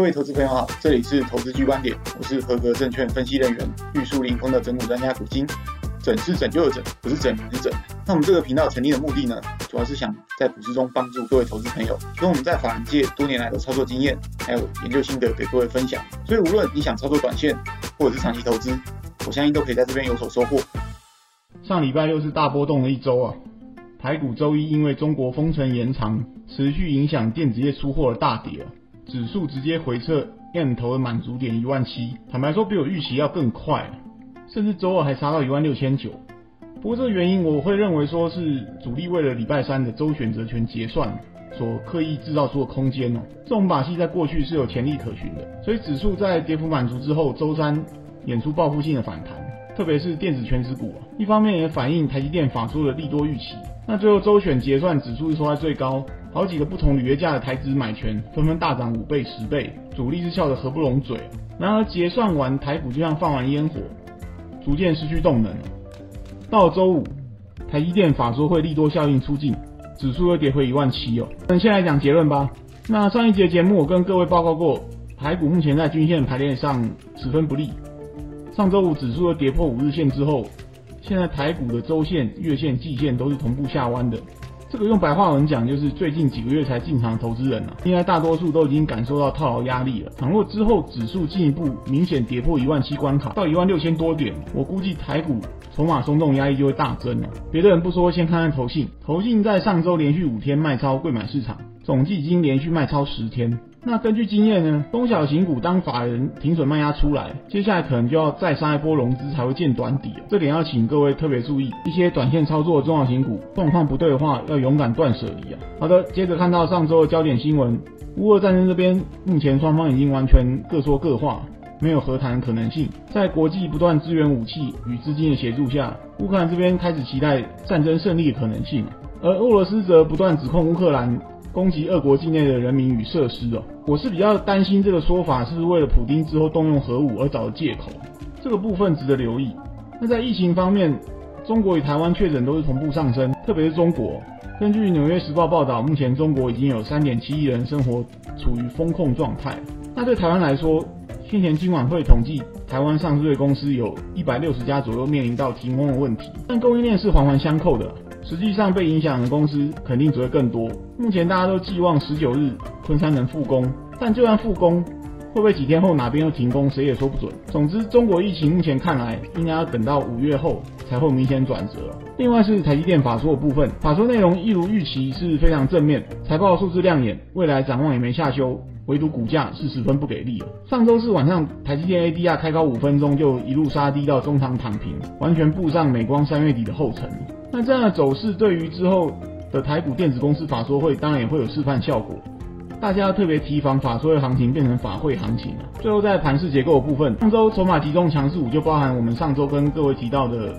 各位投資朋友好，這裡是投資 G 觀點，我是合格證券分析人員、玉樹臨風的整股專家股金。整是拯救的整，不是整，不是整。那我們這個頻道成立的目的呢，主要是想在股市中幫助各位投資朋友，以我們在法人界多年來的操作經驗，還有研究心得，得給各位分享。所以無論你想操作短線，或者是長期投資，我相信都可以在這邊有所收穫。上禮拜又是大波動的一周啊，台股周一因為中國封城延長，持續影響電子業出貨而大跌，指數直接回測 M 頭的滿足點一萬七，坦白說比我預期要更快，甚至周二還殺到一萬六千九。不過這個原因我會認為說是主力為了禮拜三的周選擇權結算所刻意製造出的空間哦、喔，這種把戲在過去是有前例可尋的。所以指數在跌幅滿足之後，周三演出報復性的反彈。特別是電子權值股，一方面也反映台積電法說的利多預期。那最後周選結算指數是收在最高，好幾個不同履約價的台資買權紛紛大漲五倍十倍，倍主力是笑得合不攏嘴。然而結算完台股就像放完煙火，逐漸失去動能。到周五，台積電法說會利多效應出盡，指數又跌回一萬七哦，等先來講結論吧。那上一節節目我跟各位報告過，台股目前在均線排列上十分不利。上周五指數的跌破五日線之後，現在台股的周線、月線、季線都是同步下彎的。這個用白話文講，就是最近幾個月才進場的投資人啊，應該大多數都已經感受到套牢壓力了。倘若之後指數進一步明顯跌破一萬七關卡，到一萬六千多點，我估計台股籌碼鬆動壓力就會大增了。別的人不說，先看看投信。投信在上周連續五天賣超，櫃買市場，總計已經連續賣超十天。那根據經驗呢，中小型股當法人停損賣壓出來，接下來可能就要再殺一波融資才會見短底啊，這點要請各位特別注意，一些短線操作的中小型股狀況不對的話，要勇敢斷捨離啊。好的，接着看到上周的焦點新聞，烏俄戰爭這邊目前雙方已經完全各說各話，沒有和談可能性。在國際不斷支援武器與資金的協助下，烏克蘭這邊開始期待戰爭勝利的可能性，而俄羅斯則不斷指控烏克蘭攻擊俄國境內的人民與設施哦，我是比較擔心這個說法是為了普丁之後動用核武而找的借口，這個部分值得留意。那在疫情方面，中國與台灣確診都是同步上升，特別是中國。根據紐約時報報道，目前中國已經有三點七億人生活處於封控狀態。那對台灣來說，先前金管會統計台灣上市的公司有一百六十家左右面臨到停工的問題，但供應鏈是環環相扣的。實際上被影響的公司肯定只會更多。目前大家都寄望十九日昆山能復工，但就算復工，會不會幾天後哪邊又停工，誰也說不準。總之，中國疫情目前看來，應該要等到五月後才會明顯轉折。另外是台積電法說的部分，法說內容一如預期是非常正面，財報數字亮眼，未來展望也沒下修，唯獨股價是十分不給力。上週四晚上，台積電 ADR 開高五分鐘就一路殺低到中堂躺平，完全步上美光三月底的後塵。那這樣的走勢對於之後的台股電子公司法說會，當然也會有示範效果，大家要特別提防法說會行情變成法會行情啊。最後在盤勢結構的部分，上周籌碼集中強勢股就包含我們上周跟各位提到的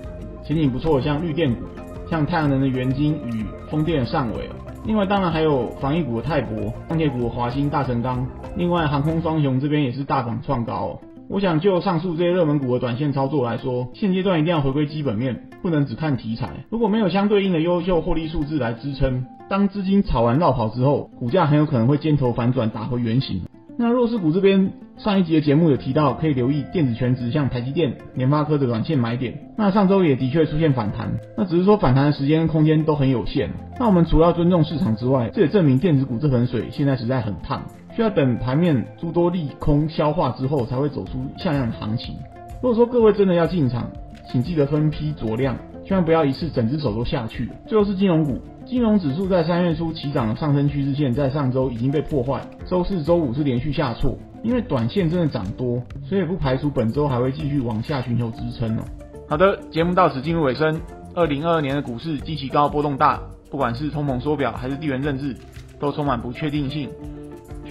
前景不錯，像綠電股、像太陽能的元晶與風電的尚緯，另外當然還有防疫股的泰博、鋼鐵股的華興、大成鋼，另外航空雙雄這邊也是大漲創高。我想就上述這些熱門股的短線操作來說，現階段一定要回歸基本面，不能只看題材。如果沒有相對應的優秀獲利數字來支撐，當資金炒完繞跑之後，股價很有可能會尖頭反轉，打回原形。那弱勢股這邊上一集的節目有提到，可以留意電子全值像台積電、聯發科的短線買點。那上週也的確出現反彈，那只是說反彈的時間跟空間都很有限。那我們除了要尊重市場之外，這也證明電子股這盆水現在實在很燙。需要等盤面諸多利空消化之後，才會走出像樣的行情。如果說各位真的要進場，請記得分批酌量，千萬不要一次整隻手都下去。最後是金融股，金融指數在三月初起漲的上升趨勢線，在上周已經被破壞，周四周五是連續下挫，因為短線真的漲多，所以不排除本周還會繼續往下尋求支撐哦。好的，節目到此進入尾聲。二零二二年的股市極其高，波動大，不管是通膨縮表還是地緣政治，都充滿不確定性。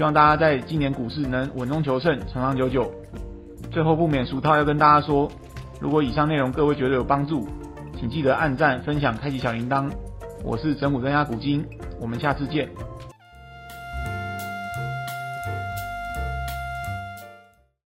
希望大家在今年股市能穩中求勝，長長久久。最後不免俗套，要跟大家說：如果以上內容各位覺得有幫助，請記得按贊、分享、開啟小鈴鐺。我是整股專家古今，我們下次見。